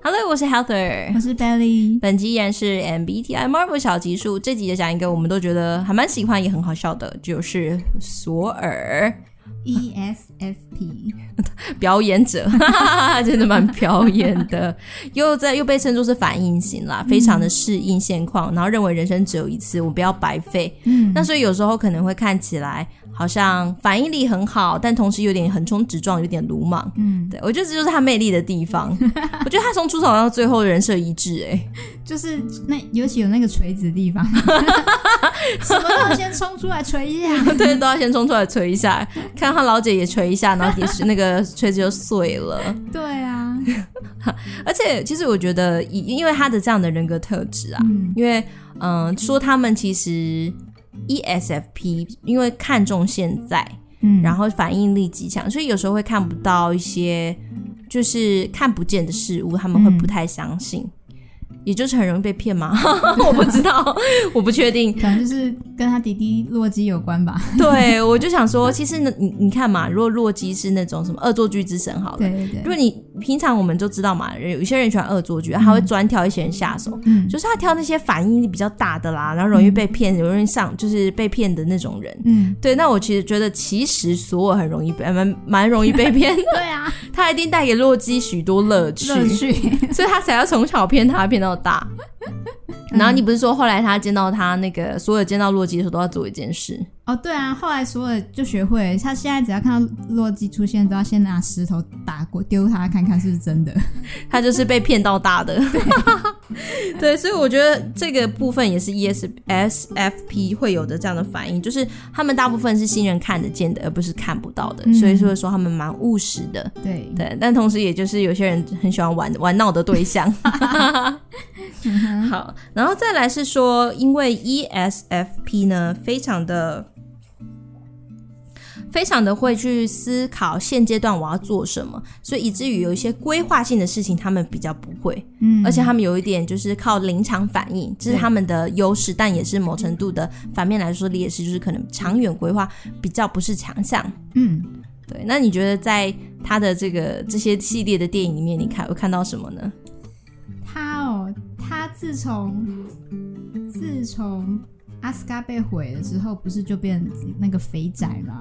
Hello，我是 Heather，我是 Belly。本集依然是 MBTI Marvel 小集數，這集就講一個我們都覺得還蠻喜歡也很好笑的，就是索爾。E S F P 表演者哈哈哈哈，真的蠻表演的， 又在又被稱作是反應型啦，非常的適應現況，嗯、然後認為人生只有一次，我不要白費。嗯，那所以有時候可能會看起來。好像反應力很好，但同時有點橫衝直撞，有點魯莽。嗯，對，我覺得這就是他魅力的地方。 我覺得他從出場到最後的人設一致、欸，哎，就是那尤其有那個錘子的地方， 什麼都要先衝出來錘一下， 對，都要先衝出來錘一下，看他老姐也錘一下，然後也是那個錘子就碎了。 對啊， 而且其實我覺得以，因為他的這樣的人格特質啊、嗯，因為嗯、呃，說他們其實。ESFP，因為看重現在，嗯，然後反應力極強，嗯，所以有時候會看不到一些就是看不見的事物，他們會不太相信。嗯。也就是很容易被騙嗎？ 我不知道， 我不確定，可能就是跟他弟弟洛基有關吧。 對，我就想說，其實呢你你看嘛，如果洛基是那種什麼惡作劇之神，好了對對對，如果你平常我們就知道嘛，有一些人喜歡惡作劇、嗯，他會專挑一些人下手，嗯，就是他挑那些反應力比較大的啦，然後容易被騙，容、嗯、易上，就是被騙的那種人，嗯，對。那我其實覺得，其實索爾很容易被蠻蠻容易被騙的。 對啊，他一定帶給洛基許多樂趣，樂趣， 所以他才要從小騙他，騙到。大， 然後你不是說後來他見到他那個索爾見到洛基的時候都要做一件事、嗯、哦？對啊，後來索爾就學會，他現在只要看到洛基出現都要先拿石頭打過丟他看看是不是真的，他就是被騙到大的。 對，所以我覺得這個部分也是 E S S F P 會有的這樣的反應，就是他們大部分是新人看得見的，而不是看不到的，嗯、所以說說他們蠻務實的，對對，但同時也就是有些人很喜歡玩玩鬧的對象、 嗯。好，然後再來是說，因為 E S F P 呢，非常的。非常的會去思考現階段我要做什麼，所以以至於有一些規劃性的事情，他們比較不會。嗯，而且他們有一點就是靠臨場反應，這是他們的優勢，但也是某程度的反面來說，劣勢就是可能長遠規劃比較不是強項。嗯，對。那你覺得在他的這個這些系列的電影裡面，你看會看到什麼呢？他哦，他自從自從。阿斯加被毀了之後，不是就變那個肥宅嗎？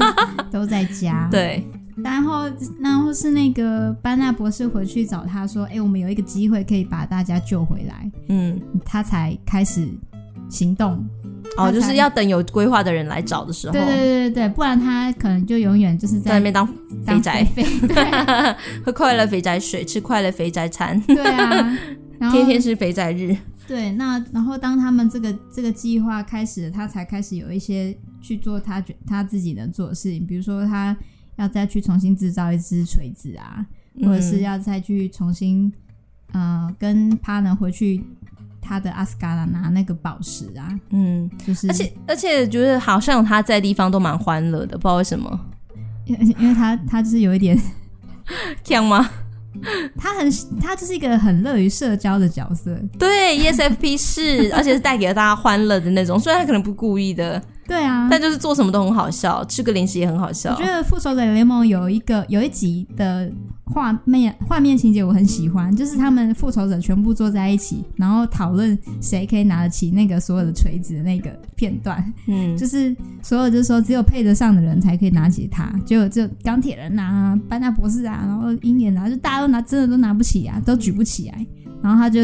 都在家。 對。然後，然後是那個班納博士回去找他說：“哎，我們有一個機會可以把大家救回來。”嗯。他才開始行動。哦，就是要等有規劃的人來找的時候。嗯，對對對對，不然他可能就永遠就是在外面當肥宅，肥肥，對。 喝快樂肥宅水，吃快樂肥宅餐。 對啊，然後，天天是肥宅日。對，那然後當他們這個這個計劃開始，他才開始有一些去做他覺他自己能做的事情，比如說他要再去重新製造一隻錘子啊，或者是要再去重新嗯、呃、跟 p a 回去他的阿斯加拉拿那個寶石啊，嗯，就是而且而且就是好像他在地方都蠻歡樂的，不知道為什麼，因為因為他他就是有一點這樣 嗎？ 他很，他就是一個很樂於社交的角色。對，ESFP 是， 而且是帶給了大家歡樂的那種。雖然他可能不故意的。對啊，但就是做什麼都很好笑，吃個零食也很好笑。我覺得《復仇者聯盟》有一個有一集的畫面畫面情節我很喜歡，就是他們復仇者全部坐在一起，然後討論誰可以拿得起那個所有的錘子的那個片段。嗯，就是所有就是說，只有配得上的人才可以拿起它，就就鋼鐵人啊、班納博士啊，然後鷹眼啊，就大家都拿真的都拿不起啊，都舉不起來。然後他就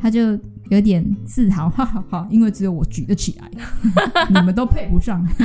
他就，有點自豪，哈哈，因為只有我舉得起來， 你們都配不上 。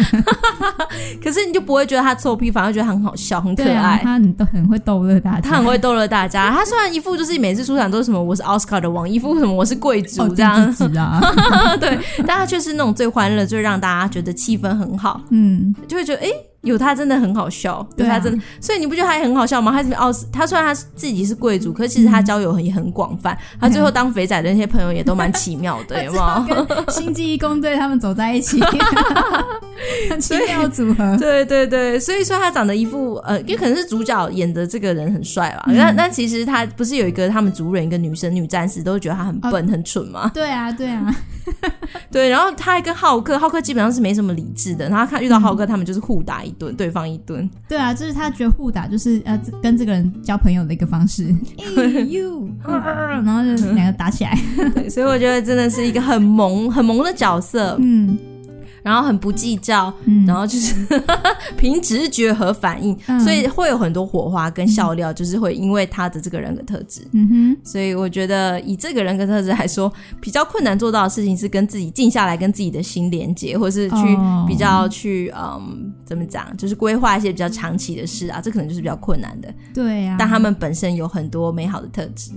可是你就不會覺得他臭屁，反而覺得很好笑，小很可愛。啊、他很都很會逗樂大家，他很會逗樂大家。他雖然一副就是每次出場都是什麼我是奧斯卡的王，一副什麼我是貴族這樣子、哦、啊。 對，但他卻是那種最歡樂，最讓大家覺得氣氛很好，嗯，就會覺得誒、欸有他真的很好笑，有、就是、他真的，的、啊。所以你不覺得他也很好笑嗎？他是奧斯，他雖然他自己是貴族，可是其實他交友也很廣泛、嗯。他最後當肥仔的那些朋友也都蠻奇妙的， 有沒有？星際異攻隊他們走在一起。很奇妙組合，所以，對對對，所以說他長得一副呃，因為可能是主角演的這個人很帥吧。那、嗯、那其實他不是有一個他們族人一個女生女戰士，都覺得他很笨、哦、很蠢嗎？對啊，對啊， 對。然後他還跟浩克，浩克基本上是沒什麼理智的。然後他遇到浩克，他們就是互打一頓、嗯，對方一頓。對啊，就是他覺得互打就是呃跟這個人交朋友的一個方式。You， 哎嗯、然後就兩個打起來。 所以我覺得真的是一個很萌很萌的角色。嗯。然後很不計較，嗯、然後就是憑 直覺和反應、嗯，所以會有很多火花跟笑料，就是會因為他的這個人格特質、嗯。所以我覺得以這個人格特質來說，比較困難做到的事情是跟自己靜下來，跟自己的心連接，或是去比較去、哦、嗯怎麼講，就是規劃一些比較長期的事啊，這可能就是比較困難的。對呀、啊，但他們本身有很多美好的特質。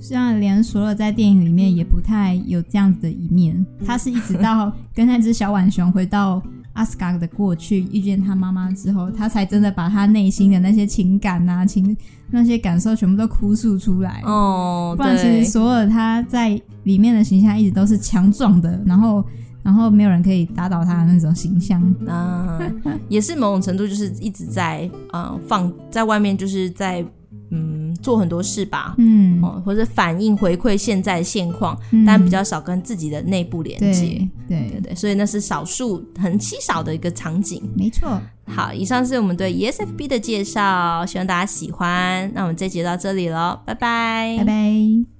雖然連索爾在電影裡面也不太有這樣子的一面，他是一直到跟那隻小浣熊回到阿斯卡的過去，遇見他媽媽之後，他才真的把他內心的那些情感啊、情那些感受全部都哭訴出來。哦，對，不然其實索爾他在裡面的形象一直都是強壯的，然後然後沒有人可以打倒他的那種形象啊，呃、 也是某種程度就是一直在嗯、呃，放在外面就是在嗯。做很多事吧，嗯，哦、或者反應回饋現在的現況，嗯，但比較少跟自己的內部連接，對對、對對，所以那是少數很稀少的一個場景，沒錯。好，以上是我們對 ESFP 的介紹，希望大家喜歡。那我們這集到這裡咯，拜拜，拜拜。